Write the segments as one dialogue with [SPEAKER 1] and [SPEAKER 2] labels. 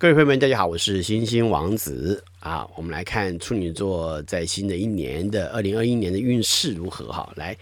[SPEAKER 1] 各位朋友們，大家好，我是星星王子啊。我們來看處女座在新的一年的二零二一年的運勢如何？哈，來，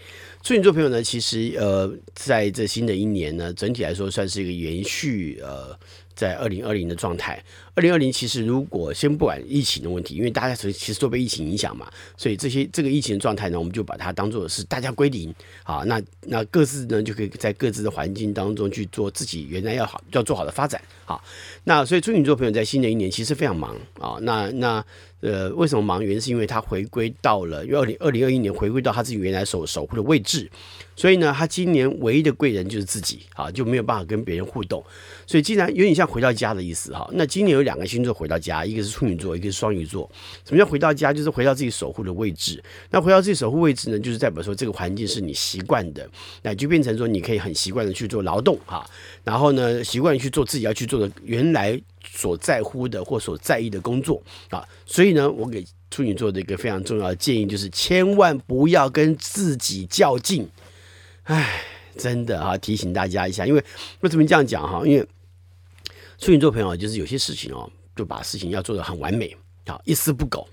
[SPEAKER 1] 處女座朋友呢，其實呃，在這新的一年呢，整體來說算是一個延續呃。在二零二零的狀態，二零二零其實如果先不管疫情的問題，因為大家其實都被疫情影響嘛，所以這些這個疫情的狀態呢，我們就把它當做是大家歸零啊，那那各自呢就可以在各自的環境當中去做自己原來要好要做好的發展啊，那所以處女座朋友在新的一年其實非常忙啊，那那。呃，為什麼忙？原因是因為他回歸到了，因為二零二零二一年回歸到他自己原來所守護的位置，所以呢，他今年唯一的貴人就是自己啊，就沒有辦法跟別人互動。所以，既然有點像回到家的意思哈、啊，那今年有兩個星座回到家，一個是處女座，一個是雙魚座。什麼叫回到家？就是回到自己守護的位置。那回到自己守護位置呢，就是代表說這個環境是你習慣的，那就變成說你可以很習慣的去做勞動哈、啊，然後呢，習慣去做自己要去做的原來。所在乎的或所在意的工作啊，所以呢，我給處女座的一個非常重要的建議就是，千萬不要跟自己較勁。哎，真的啊，提醒大家一下，因為為什麼這樣講哈？因為處女座朋友就是有些事情哦，就把事情要做得很完美啊，一絲不苟。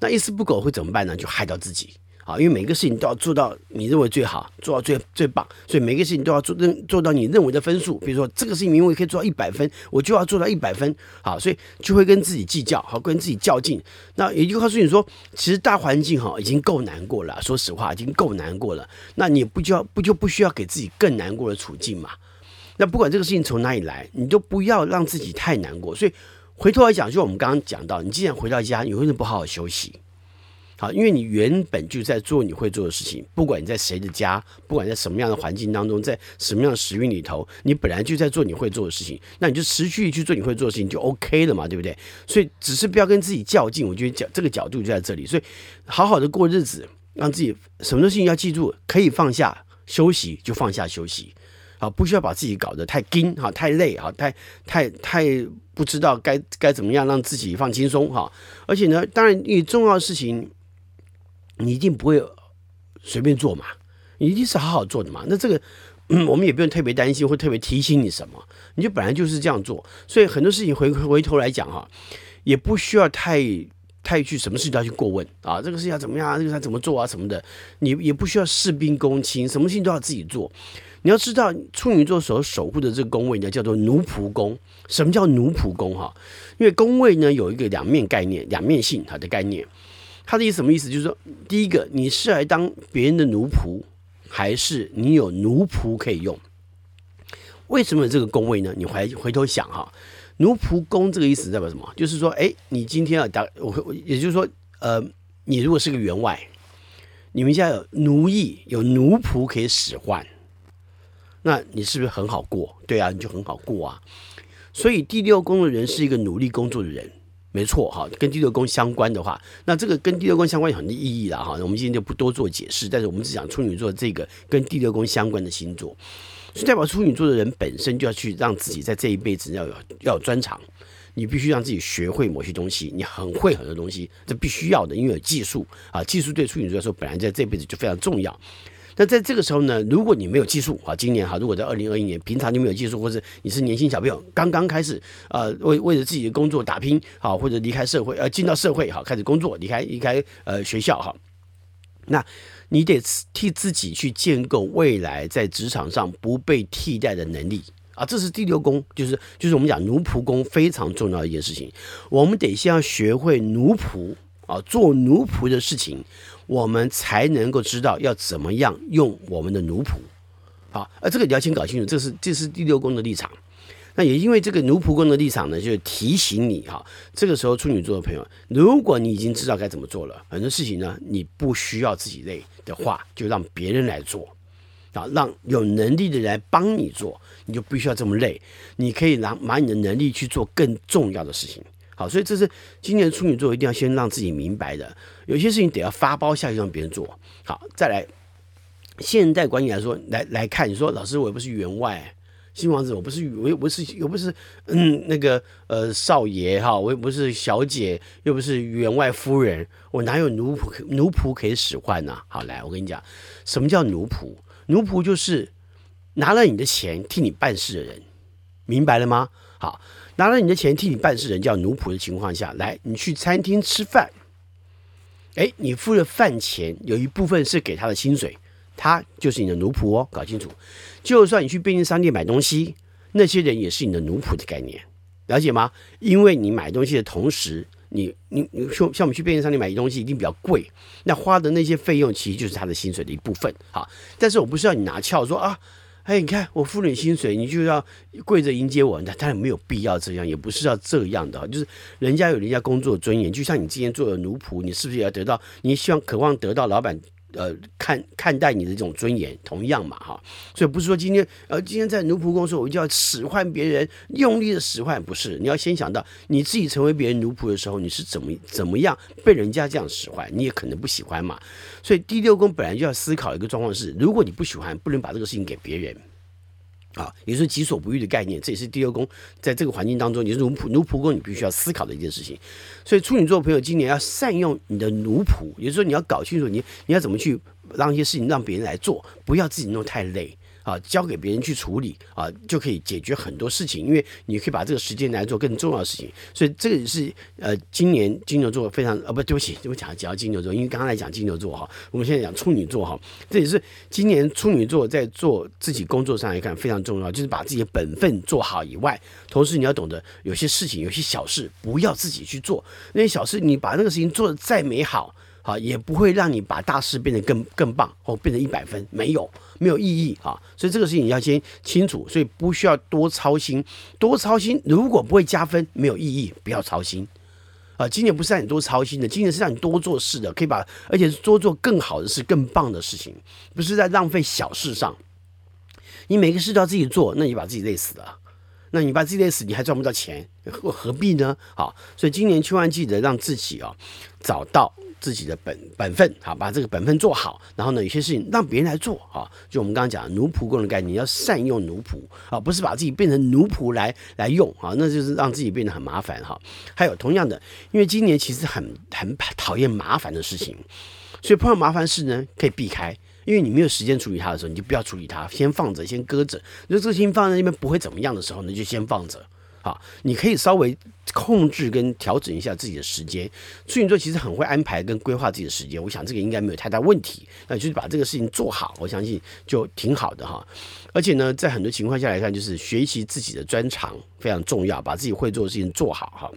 [SPEAKER 1] 那一絲不苟會怎麼辦呢？就害到自己。啊，因為每個事情都要做到你認為最好，做到最最棒，所以每個事情都要做做到你認為的分數。比如說這個事情，因為可以做到一百分，我就要做到一百分。好，所以就會跟自己計較，好，跟自己較勁。那也就告訴你說其實大環境好、哦、已經夠難過了，說實話已經夠難過了。那你不就要不就不需要給自己更難過的處境嘛？那不管這個事情從哪裡來，你都不要讓自己太難過。所以回頭來講，就我們剛剛講到，你既然回到家，你為什麼不好好休息？好，因為你原本就在做你會做的事情，不管你在誰的家，不管在什麼樣的環境當中，在什麼樣的時運裡頭，你本來就在做你會做的事情，那你就持續去做你會做的事情就 OK 了嘛，對不對？所以只是不要跟自己較勁，我覺得這個角度就在這裡，所以好好的過日子，讓自己什麼東西要記住，可以放下休息就放下休息，好，不需要把自己搞得太緊，哈，太累哈，太太太不知道該該怎麼樣讓自己放輕鬆哈，而且呢，當然你重要的事情。你一定不會隨便做嘛，你一定是好好做的嘛。那這個、嗯、我們也不用特別擔心，或特別提醒你什麼。你就本來就是這樣做，所以很多事情回回頭來講哈、啊，也不需要太太去什麼事情都要去過問啊。這個事情要怎麼樣？這個事要怎麼做啊？什麼的，你也不需要事必躬親，什麼事情都要自己做。你要知道，處女座所守護的這個宮位呢，叫做奴僕宮。什麼叫奴僕宮？哈，因為宮位呢有一個兩面概念、兩面性它的概念。他的意思什麼意思？就是說，第一個，你是來當別人的奴僕，還是你有奴僕可以用？為什麼這個宮位呢？你回回頭想哈，奴僕宮這個意思代表什麼？就是說，哎，你今天要打我，也就是說，呃，你如果是個員外，你們家有奴役、有奴僕可以使喚，那你是不是很好過？對啊，你就很好過啊。所以第六宮的人是一個努力工作的人。沒錯哈，跟第六宮相關的話，那這個跟第六宮相關有很多意義的。哈。我們今天就不多做解釋，但是我們只講處女座這個跟第六宮相關的星座，所以代表處女座的人本身就要去讓自己在這一輩子要有要有專長，你必須讓自己學會某些東西，你很會很多東西，這必須要的，因為有技術啊，技術對處女座來說本來在這輩子就非常重要。那在這個時候呢，如果你沒有技術啊，今年哈，如果在二零二一年平常就沒有技術，或者你是年輕小朋友剛剛開始啊、呃，為為了自己的工作打拼好，或者離開社會呃，進到社會好，開始工作離開離開呃學校哈，那你得替自己去建構未來在職場上不被替代的能力啊，這是第六宮，就是就是我們講奴僕宮非常重要的一件事情，我們得先要學會奴僕。啊，做奴僕的事情，我們才能夠知道要怎麼樣用我們的奴僕。好，呃，這個你要先搞清楚，這是這是第六宮的立場。那也因為這個奴僕宮的立場呢，就是提醒你哈，這個時候處女座的朋友，如果你已經知道該怎麼做了，很多事情呢，你不需要自己累的話，就讓別人來做啊，讓有能力的人來幫你做，你就不需要這麼累，你可以拿拿你的能力去做更重要的事情。好，所以這是今年處女座一定要先讓自己明白的，有些事情得要發包下去讓別人做。好，再來，現代管理來說，來來看，你說，老師，我又不是員外，新王子，我不是，我又不是，又不是，嗯，那個，呃，少爺哈，我又不是小姐，又不是員外夫人，我哪有奴僕奴僕可以使喚呢？好，來，我跟你講，什麼叫奴僕？奴僕就是拿了你的錢替你辦事的人，明白了嗎？好。拿了你的錢替你辦事人叫奴僕的情況下來，你去餐廳吃飯，哎，你付的飯錢有一部分是給他的薪水，他就是你的奴僕哦，搞清楚。就算你去便利商店買東西，那些人也是你的奴僕的概念，了解嗎？因為你買東西的同時，你你你說像我們去便利商店買東西一定比較貴，那花的那些費用其實就是他的薪水的一部分，好。但是我不是要你拿翹說，說啊。哎，你看我付了你薪水，你就要跪着迎接我？那當然沒有必要這樣，也不是要這樣的，就是人家有人家工作尊嚴。就像你之前做的奴僕，你是不是也要得到？你希望渴望得到老闆？呃，看看待你的這種尊嚴，同樣嘛，哈，所以不是說今天呃，今天在奴僕宮的時候，我就要使喚別人，用力的使喚，不是，你要先想到你自己成為別人奴僕的時候，你是怎麼怎麼樣被人家這樣使喚，你也可能不喜歡嘛，所以第六宮本來就要思考一個狀況是，如果你不喜歡，不能把這個事情給別人。啊，也就是己所不欲的概念，這也是第六宮在這個環境當中，你是奴僕奴僕宮，你必須要思考的一件事情。所以處女座朋友今年要善用你的奴僕，也就是說你要搞清楚你，你要怎麼去讓一些事情讓別人來做，不要自己弄太累。啊，交給別人去處理啊，就可以解決很多事情，因為你可以把這個時間來做更重要的事情。所以這個也是呃，今年金牛座非常啊、哦，不，對不起，我講講金牛座，因為剛才講金牛座哈，我們現在講處女座哈，這也是今年處女座在做自己工作上來看非常重要，就是把自己的本分做好以外，同時你要懂得有些事情、有些小事不要自己去做，那些小事你把那個事情做得再美好。啊，也不會讓你把大事變得更更棒或、哦、變成一百分，沒有沒有意義啊、哦！所以這個事情你要先清楚，所以不需要多操心，多操心如果不會加分，沒有意義，不要操心啊！今年不是讓你多操心的，今年是讓你多做事的，可以把而且是多做，做更好的事、更棒的事情，不是在浪費小事上。你每個事都要自己做，那你把自己累死了，那你把自己累死，你還賺不到錢，何何必呢？啊、哦，所以今年千萬記得讓自己啊、哦、找到。自己的本本分好，把這個本分做好。然後呢，有些事情讓別人來做啊。就我們剛剛講奴僕宮的概念，要善用奴僕啊，不是把自己變成奴僕來來用啊，那就是讓自己變得很麻煩哈。還有同樣的，因為今年其實很很討厭麻煩的事情，所以碰到麻煩事呢，可以避開。因為你沒有時間處理它的時候，你就不要處理它，先放着，先擱着。如果這事情放在那邊不會怎麼樣的時候呢，就先放着啊。你可以稍微。控制跟調整一下自己的時間，處女座其實很會安排跟規劃自己的時間，我想這個應該沒有太大問題。那就是把這個事情做好，我相信就挺好的哈。而且呢，在很多情況下來看，就是學習自己的專長非常重要，把自己會做的事情做好哈，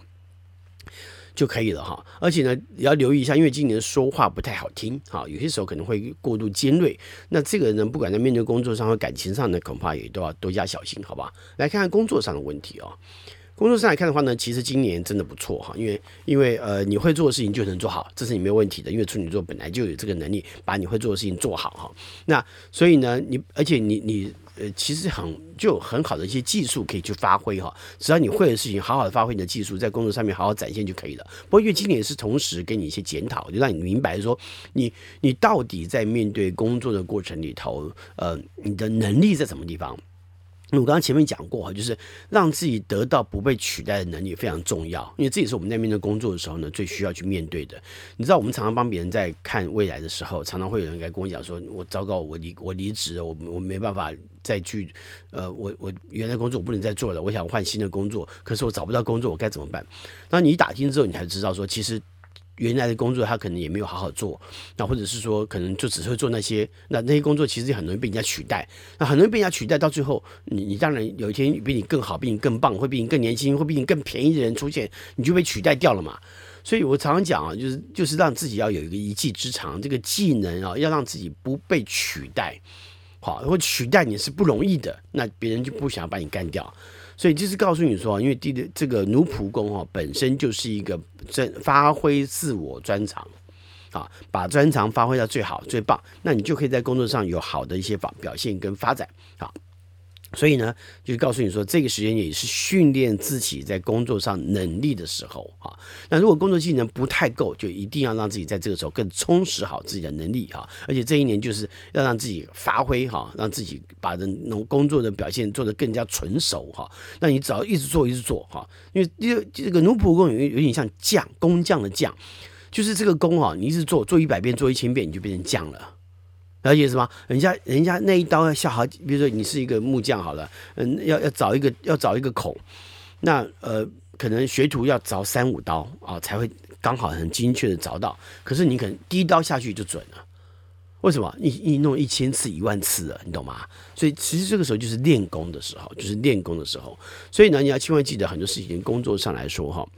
[SPEAKER 1] 就可以了哈。而且呢，也要留意一下，因為今年說話不太好聽哈，有些時候可能會過度尖銳。那這個人不管在面對工作上或感情上呢，恐怕也都要多加小心，好吧？來看看工作上的問題哦。工作上來看的話呢，其實今年真的不錯哈，因為因為呃，你會做的事情就能做好，這是你沒有問題的，因為處女座本來就有這個能力把你會做的事情做好哈。那所以呢，你而且你你呃，其實很就很好的一些技術可以去發揮哈，只要你會的事情，好好的發揮你的技術，在工作上面好好展現就可以了。不過因為今年是同時給你一些檢討，就讓你明白說，你你到底在面對工作的過程裡頭，呃，你的能力在什麼地方。因為我剛剛前面講過哈，就是讓自己得到不被取代的能力非常重要，因為這也是我們那邊的工作的時候呢最需要去面對的。你知道，我們常常幫別人在看未來的時候，常常會有人來跟我講說：“我糟糕，我離我離職了，我我沒辦法再去呃，我我原來工作我不能再做了，我想換新的工作，可是我找不到工作，我該怎麼辦？”那你一打聽之後，你才知道說其實。原來的工作他可能也沒有好好做，那或者是說可能就只會做那些，那那些工作其實很容易被人家取代，那很容易被人家取代，到最後你你當然有一天比你更好，比你更棒，會比你更年輕，會比你更便宜的人出現，你就被取代掉了嘛。所以我常常講啊，就是就是讓自己要有一個一技之長，這個技能啊，要讓自己不被取代。好，如果取代你是不容易的，那別人就不想把你幹掉。所以就是告訴你說，因為這個奴僕宮、哦、本身就是一個專發揮自我專長，啊，把專長發揮到最好最棒，那你就可以在工作上有好的一些表表現跟發展，啊所以呢，就是告訴你說，這個時間也是訓練自己在工作上能力的時候哈、啊，那如果工作技能不太夠，就一定要讓自己在這個時候更充實好自己的能力哈、啊，而且這一年就是要讓自己發揮哈、啊，讓自己把人工作的表現做得更加純熟哈。那、啊、你只要一直做，一直做哈、啊，因為這個、這個奴僕工有有點像匠，工匠的匠，就是這個工哈、啊，你一直做，做一百遍，做一千遍，你就變成匠了。而且什麼？人家人家那一刀要下好，比如說你是一個木匠好了，嗯，要要找一個要找一個孔，那呃，可能學徒要鑿三五刀啊、哦，才會剛好很精確的鑿到。可是你可能第一刀下去就準了，為什麼？你你弄一千次一萬次了，你懂嗎？所以其實這個時候就是練功的時候，就是練功的時候。所以呢，你要千萬記得很多事情，工作上來說哈。哦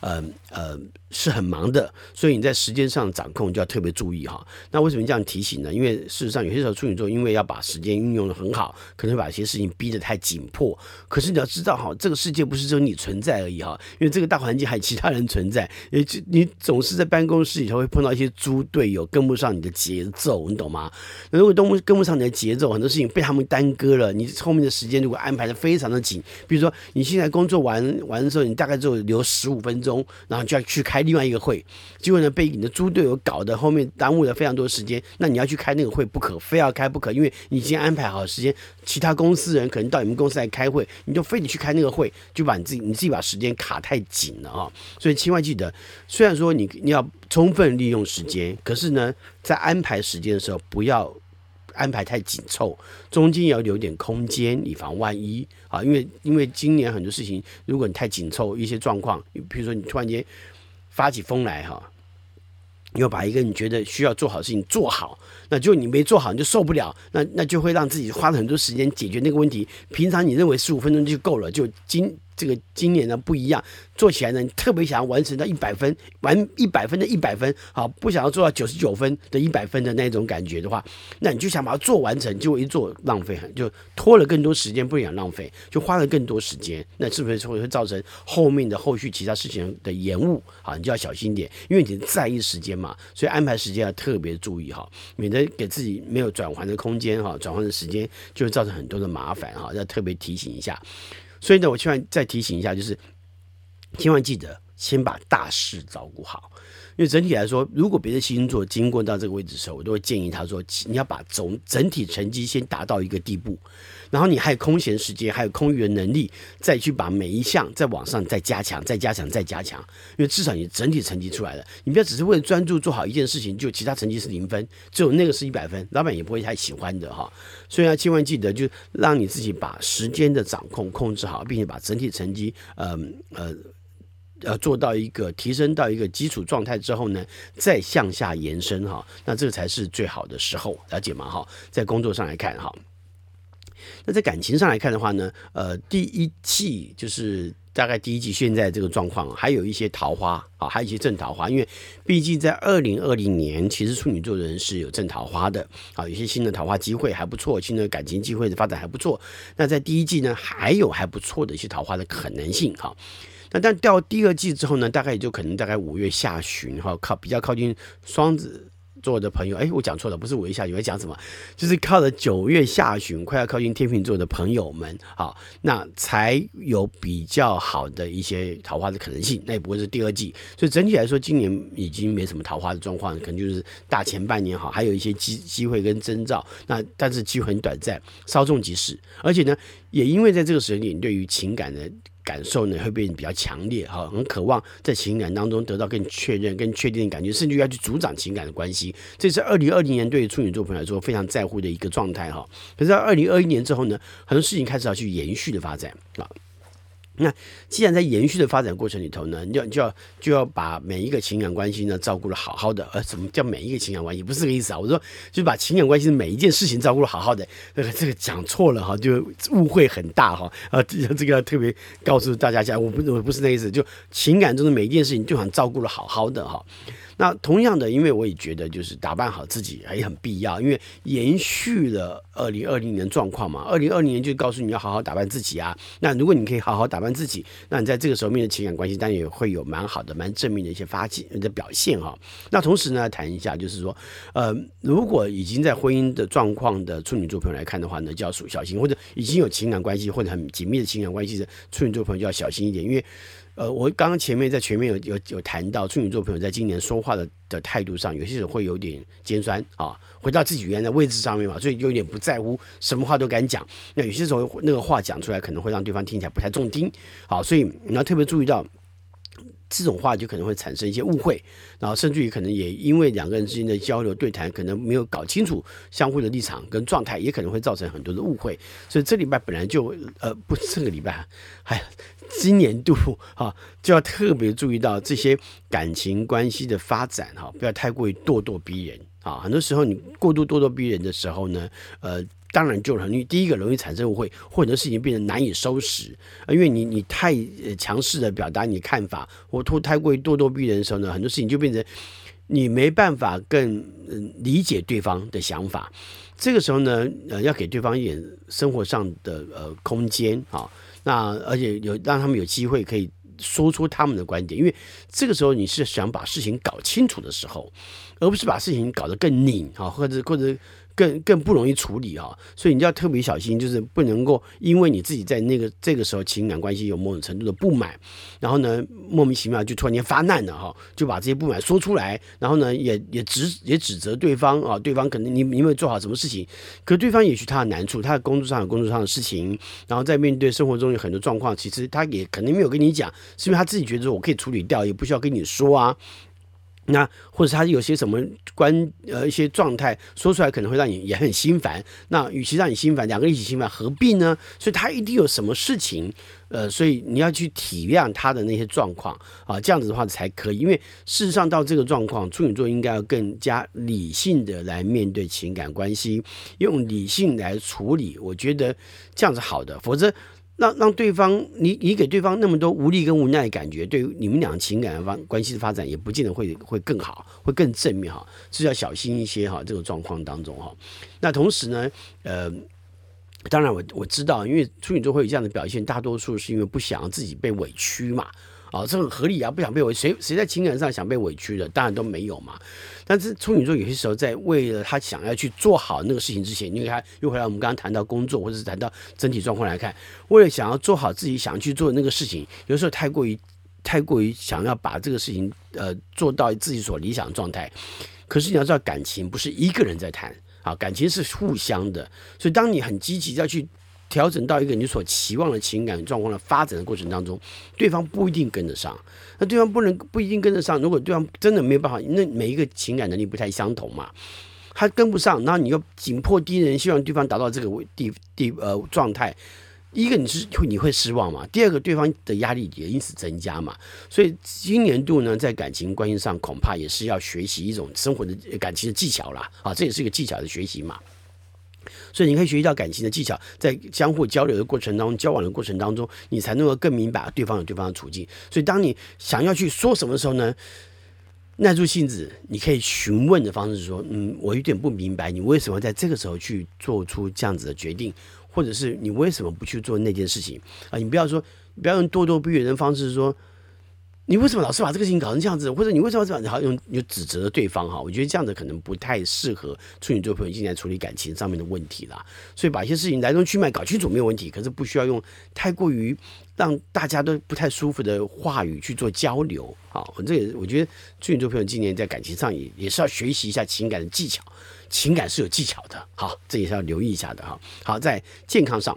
[SPEAKER 1] 呃呃、嗯嗯，是很忙的，所以你在時間上掌控就要特別注意哈。那為什麼這樣提醒呢？因為事實上有些時候處女座因為要把時間運用得很好，可能會把一些事情逼得太緊迫。可是你要知道哈，這個世界不是只有你存在而已哈，因為這個大環境還有其他人存在。也就你總是在辦公室裡頭會碰到一些豬隊友，跟不上你的節奏，你懂嗎？那如果都跟不上你的節奏，很多事情被他們耽擱了，你後面的時間就會安排得非常的緊。比如說你現在工作完完的時候，你大概只有留十五分鐘。中，然後就要去開另外一個會，結果呢，被你的豬隊友搞得，後面耽誤了非常多時間。那你要去開那個會不可，非要開不可，因為你先安排好時間，其他公司人可能到你們公司來開會，你就非得去開那個會，就把你自己你自己把時間卡太緊了啊、哦！所以千萬記得，雖然說你你要充分利用時間，可是呢，在安排時間的時候不要。安排太緊湊，中間也要留點空間，以防萬一啊！因為因為今年很多事情，如果你太緊湊，一些狀況，比如說你突然間發起瘋來哈，你要把一個你覺得需要做好事情做好，那就你沒做好你就受不了，那那就會讓自己花很多時間解決那個問題。平常你認為十五分鐘就夠了，就今。這個今年呢，不一樣，做起來呢，你特別想要完成到一百分，完一百分的一百分，好不想要做到九十九分的一百分的那種感覺的話，那你就想把它做完成，就一做浪費就拖了更多時間，不想浪費，就花了更多時間，那是不是會會造成後面的後續其他事情的延誤？啊，你就要小心點，因為你在意時間嘛，所以安排時間要特別注意哈，免得給自己沒有轉換的空間哈，轉換的時間就會造成很多的麻煩哈，要特別提醒一下。所以呢，我希望再提醒一下，就是千萬記得先把大事照顧好。因為整體來說，如果別的星座經過到這個位置的時候，我都會建議他說：“你要把總整體成績先達到一個地步，然後你還有空閒時間，還有空餘的能力，再去把每一項再往上再加強、再加強、再加強。因為至少你整體成績出來了，你不要只是為了專注做好一件事情，就其他成績是零分，只有那個是一百分，老闆也不會太喜歡的哈、哦。所以要千萬記得，就讓你自己把時間的掌控控制好，並且把整體成績，嗯呃。呃”要做到一個提升到一個基礎狀態之後呢，再向下延伸哈、哦，那這個才是最好的時候，了解嗎？哈、哦，在工作上來看哈、哦，那在感情上來看的話呢，呃，第一季就是大概第一季現在這個狀況，還有一些桃花啊、哦，還有一些正桃花，因為畢竟在二零二零年，其實處女座的人是有正桃花的啊、哦，有些新的桃花機會還不錯，新的感情機會的發展還不錯。那在第一季呢，還有還不錯的一些桃花的可能性哈。哦那但掉第二季之後呢，大概也就可能大概五月下旬哈，靠比較靠近雙子座的朋友，哎，我講錯了，不是五月下旬，我講什麼？就是靠着九月下旬快要靠近天秤座的朋友們，好，那才有比較好的一些桃花的可能性。那也不會是第二季，所以整體來說，今年已經沒什麼桃花的狀況，可能就是大前半年好，還有一些機機會跟徵兆。那但是機會很短暫，稍縱即逝，而且呢，也因為在這個時間點，對於情感的感受呢，會變得比較強烈哈，很渴望在情感當中得到更確認、更確定的感覺，甚至要去助長情感的關係。這是二零二零年對於處女座朋友來說非常在乎的一個狀態哈。可是到二零二一年之後呢，很多事情開始要去延續的發展啊。那既然在延續的發展過程裡頭呢，你就就要就要把每一個情感關係呢照顧的好好的。呃、啊，什麼叫每一個情感關係？不是這個意思啊。我說就把情感關係的每一件事情照顧的好好的。這個這個講錯了哈，就誤會很大哈。啊，這個要特別告訴大家一下，我不我不是那意思，就情感中的每一件事情就想照顧的好好的哈。那同樣的，因為我也覺得就是打扮好自己也很必要，因為延續了二零二零年狀況嘛，二零二零年就告訴你要好好打扮自己啊。那如果你可以好好打扮自己，那你在這個時候面對情感關係，當然也會有蠻好的、蠻正面的一些發展的表現哈、哦。那同時呢，談一下就是說，呃，如果已經在婚姻的狀況的處女座朋友來看的話呢，就要屬小心，或者已經有情感關係或者很緊密的情感關係的處女座朋友就要小心一點，因為。呃，我剛剛前面在前面有有有談到處女座朋友在今年說話的的態度上，有些時候會有點尖酸啊，回到自己原來位置上面嘛，所以有點不在乎，什麼話都敢講。那有些時候那個話講出來，可能會讓對方聽起來不太中聽，好、啊，所以你要特別注意到。這種話就可能會產生一些誤會，然後甚至於可能也因為兩個人之間的交流對談，可能沒有搞清楚相互的立場跟狀態，也可能會造成很多的誤會。所以這禮拜本來就呃不是這個禮拜，哎呀，今年度哈、啊，就要特別注意到這些感情關係的發展哈、啊，不要太過於咄咄逼人。啊，很多時候你過度咄咄逼人的時候呢，呃，當然就很容易，第一個容易產生誤會，或者事情變得難以收拾，因為你你太、呃、強勢的表達你看法，或太過於咄咄逼人的時候呢，很多事情就變成你沒辦法更理解對方的想法。這個時候呢，呃，要給對方一點生活上的呃空間啊、哦，那而且有讓他們有機會可以。說出他們的觀點，因為這個時候你是想把事情搞清楚的時候，而不是把事情搞得更擰啊，或者或者。更更不容易處理啊、哦，所以你就要特別小心，就是不能夠因為你自己在那個這個時候情感關係有某種程度的不滿，然後呢莫名其妙就突然間發難了哈、哦，就把這些不滿說出來，然後呢也也指也指責對方啊、哦，對方可能你你沒有做好什麼事情，可對方也許他的難處，他的工作上有工作上的事情，然後在面對生活中有很多狀況，其實他也肯定沒有跟你講，是因為他自己覺得我可以處理掉，也不需要跟你說啊。那或者他有些什麼關呃一些狀態說出來可能會讓你也很心煩，那與其讓你心煩，兩個一起心煩，何必呢？所以他一定有什麼事情，呃，所以你要去體諒他的那些狀況啊，這樣子的話才可以。因為事實上到這個狀況，處女座應該要更加理性的來面對情感關係，用理性來處理，我覺得這樣子好的，否則。讓讓對方，你你給對方那麼多無力跟無奈的感覺，對你們倆情感的方關係的發展，也不見得會會更好，會更正面哈，所以要小心一些哈，這個狀況當中哈。那同時呢，呃，當然我我知道，因為處女座會有這樣的表現，大多數是因為不想要自己被委屈嘛。啊、哦，這很合理啊！不想被委，誰誰在情感上想被委屈的，當然都沒有嘛。但是處女座有些時候在為了他想要去做好那個事情之前，你給他又回來，我們剛剛談到工作或者是談到整體狀況來看，為了想要做好自己想去做的那個事情，有時候太過於太過於想要把這個事情呃做到自己所理想的狀態，可是你要知道感情不是一個人在談啊，感情是互相的，所以當你很積極要去。調整到一個你所期望的情感狀況的發展的過程當中，對方不一定跟得上。那對方不能不一定跟得上。如果對方真的沒有辦法，那每一個情感能力不太相同嘛，他跟不上。然後你又緊迫盯人，希望對方達到這個地地呃狀態。一個你是你會，你會失望嘛？第二個對方的壓力也因此增加嘛？所以今年度呢，在感情關係上恐怕也是要學習一種生活的感情的技巧啦。啊，這也是一個技巧的學習嘛。所以你可以學習到感情的技巧，在相互交流的過程當中，交往的過程當中，你才能夠更明白對方有對方的處境。所以，當你想要去說什麼時候呢，耐住性子，你可以詢問的方式說：“嗯，我有點不明白，你為什麼在這個時候去做出這樣子的決定，或者是你為什麼不去做那件事情？”啊，你不要說，不要用咄咄逼人的方式說。你為什麼老是把這個事情搞成這樣子？或者你為什麼這樣？好像有指責的對方哈、啊？我覺得這樣子可能不太適合處女座朋友今年來處理感情上面的問題啦，所以把一些事情來龍去脈搞清楚沒有問題，可是不需要用太過於讓大家都不太舒服的話語去做交流。好，反正也我覺得處女座朋友今年在感情上也也是要學習一下情感的技巧，情感是有技巧的。哈，這也是要留意一下的哈。好，在健康上。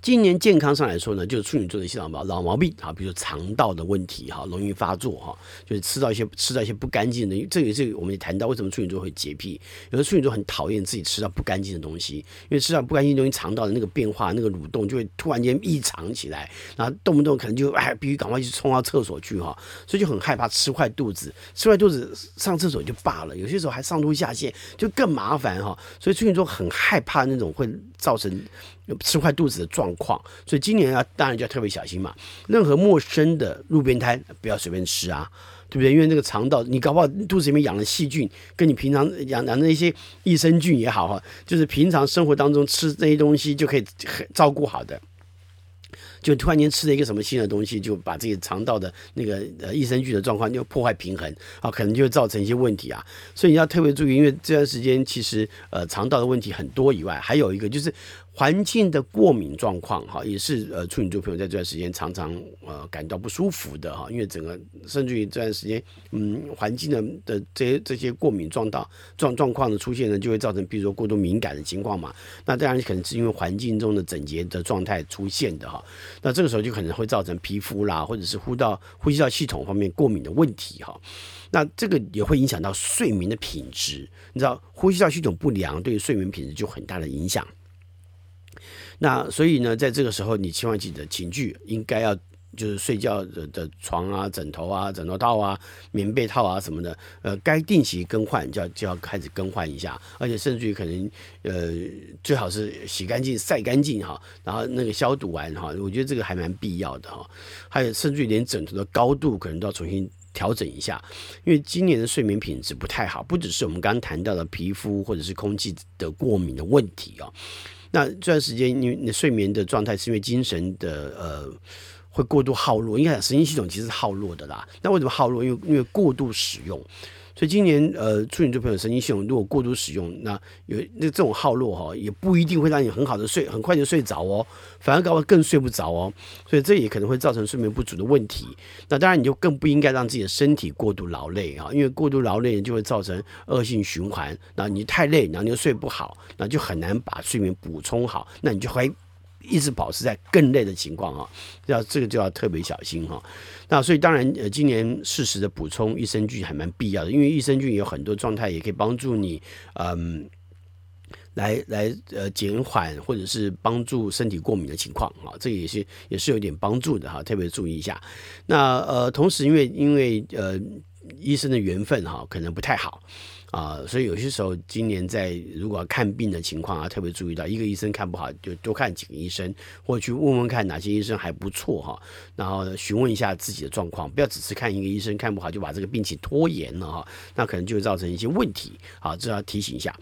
[SPEAKER 1] 今年健康上來說呢，就是處女座的一些老老毛病啊，比如說腸道的問題哈、啊，容易發作哈、啊，就是吃到一些吃到一些不乾淨的。這個這個我們也談到為什麼處女座會潔癖，有的處女座很討厭自己吃到不乾淨的東西，因為吃到不乾淨的東西，腸道的那個變化、那個蠕動就會突然間異常起來，然後動不動可能就哎必須趕快去衝到廁所去哈、啊，所以就很害怕吃壞肚子，吃壞肚子上廁所就罷了，有些時候還上吐下瀉就更麻煩哈、啊，所以處女座很害怕那種會造成吃壞肚子的狀況。狀況，所以今年要當然就要特別小心嘛。任何陌生的路邊攤，不要隨便吃啊，對不對？因為那個腸道，你搞不好肚子裡面養了細菌，跟你平常養養的一些益生菌也好哈，就是平常生活當中吃這些東西就可以很照顧好的，就突然間吃了一個什麼新的東西，就把這個腸道的那個呃益生菌的狀況就破壞平衡啊，可能就造成一些問題啊。所以你要特別注意，因為這段時間其實呃腸道的問題很多以外，還有一個就是。環境的過敏狀況，哈，也是呃處女座朋友在這段時間常常呃感到不舒服的哈，因為整個甚至於這段時間，嗯，環境的的這些這些過敏狀到狀狀況的出現呢，就會造成比如說過度敏感的情況嘛，那當然可能是因為環境中的整潔的狀態出現的哈，那這個時候就可能會造成皮膚啦，或者是呼到呼吸道系統方面過敏的問題哈，那這個也會影響到睡眠的品質，你知道呼吸道系統不良對於睡眠品質就很大的影響。那所以呢，在這個時候，你千萬記得寢具應該要就是睡覺的床啊、枕頭啊、枕頭套啊、棉被套啊什麼的，呃，該定期更換就要就要開始更換一下，而且甚至於可能，呃，最好是洗乾淨、曬乾淨哈，然後那個消毒完哈，我覺得這個還蠻必要的哈。還有甚至於連枕頭的高度可能都要重新調整一下，因為今年的睡眠品質不太好，不只是我們剛剛談到的皮膚或者是空氣的過敏的問題哦。那這段時間，你你睡眠的狀態是因為精神的呃會過度耗弱，因為神經系統其實是耗弱的啦。那為什麼耗弱？因為因為過度使用。所以今年，呃，處女座朋友神經系統如果過度使用，那有那這種耗弱。哈，也不一定會讓你很好的睡，很快就睡着哦，反而搞得更睡不着哦。所以這也可能會造成睡眠不足的問題。那當然，你就更不應該讓自己的身體過度勞累啊、哦，因為過度勞累就會造成惡性循環。那你太累，然後你又睡不好，那就很難把睡眠補充好，那你就會。一直保持在更累的情況啊，要這個就要特別小心哈。那所以當然呃，今年適時的補充益生菌還蠻必要的，因為益生菌有很多狀態，也可以幫助你嗯、呃，來來呃減緩或者是幫助身體過敏的情況啊。這個也是也是有點幫助的哈，特別注意一下。那呃，同時因為因為呃醫生的緣分哈，可能不太好。啊，所以有些時候，今年在如果看病的情況啊，特別注意到一個醫生看不好，就多看幾個醫生，或者去問問看哪些醫生還不錯哈、啊，然後詢問一下自己的狀況，不要只是看一個醫生看不好就把這個病情拖延了哈、啊，那可能就會造成一些問題好、啊，這要提醒一下。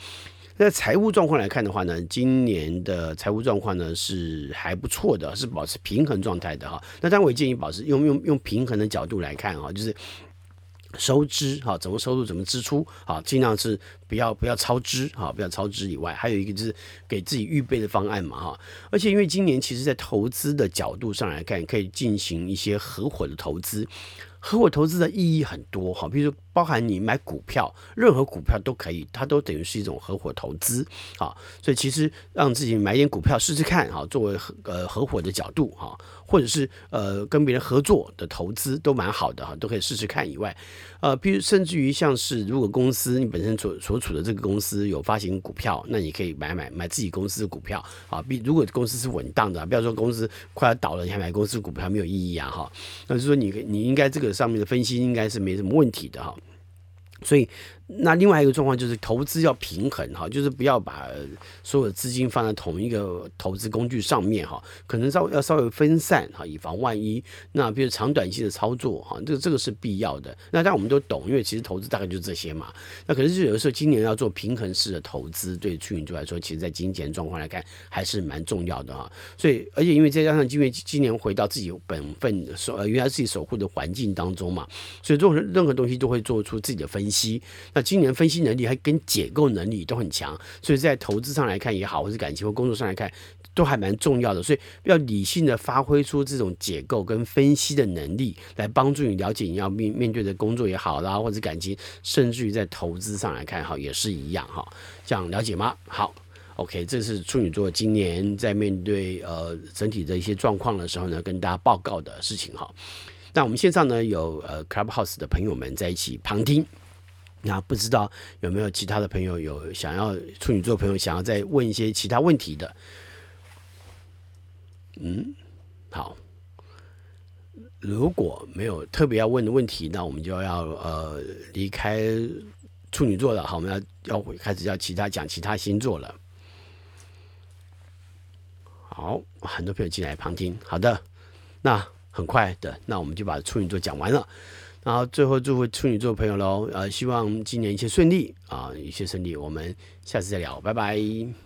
[SPEAKER 1] 那在財務狀況來看的話呢，今年的財務狀況呢是還不錯的，是保持平衡狀態的哈、啊，那當然我建議保持用用用平衡的角度來看哈、啊，就是。收支哈，怎麼收入怎麼支出啊，盡量是不要不要超支哈，不要超支以外，還有一個就是給自己預備的方案嘛哈，而且因為今年其實在投資的角度上來看，可以進行一些合夥的投資。合夥投資的意義很多哈，比如說包含你買股票，任何股票都可以，它都等於是一種合夥投資啊。所以其實讓自己買一點股票試試看啊，作為合呃合夥的角度啊，或者是呃跟別人合作的投資都蠻好的哈，都可以試試看以外。呃，比如甚至於像是，如果公司你本身所所處的這個公司有發行股票，那你可以買買買自己公司的股票啊。比如果公司是穩當的，啊，不要說公司快要倒了，你還買公司股票沒有意義啊哈。那就是說你你應該這個上面的分析應該是沒什麼問題的哈，所以。那另外一個狀況就是投資要平衡哈，就是不要把所有的資金放在同一個投資工具上面哈，可能稍微要稍微分散哈，以防萬一。那比如長短期的操作哈，這個這個是必要的。那但我們都懂，因為其實投資大概就是這些嘛。那可是就有的時候今年要做平衡式的投資，對處女座來說，其實在金錢狀況來看還是蠻重要的啊。所以而且因為再加上因為今年回到自己本分守，原來自己守護的環境當中嘛，所以做任何東西都會做出自己的分析。那今年分析能力還跟解構能力都很強，所以在投資上來看也好，或是感情或工作上來看，都還蠻重要的。所以要理性的發揮出這種解構跟分析的能力，來幫助你了解你要面面對的工作也好啦，或者感情，甚至於在投資上來看，哈，也是一樣哈。這樣了解嗎？好，OK，這是處女座今年在面對呃整體的一些狀況的時候呢，跟大家報告的事情哈。那我們線上呢有呃 Clubhouse 的朋友們在一起旁聽。那不知道有沒有其他的朋友有想要處女座朋友想要再問一些其他問題的？嗯，好。如果沒有特別要問的問題，那我們就要呃離開處女座了。好，我們要要開始要其他講其他星座了。好，很多朋友進來旁聽。好的，那很快的，那我們就把處女座講完了。然後最後祝福處女座朋友嘍，呃，希望今年一切順利啊，一切順利。我們下次再聊，拜拜。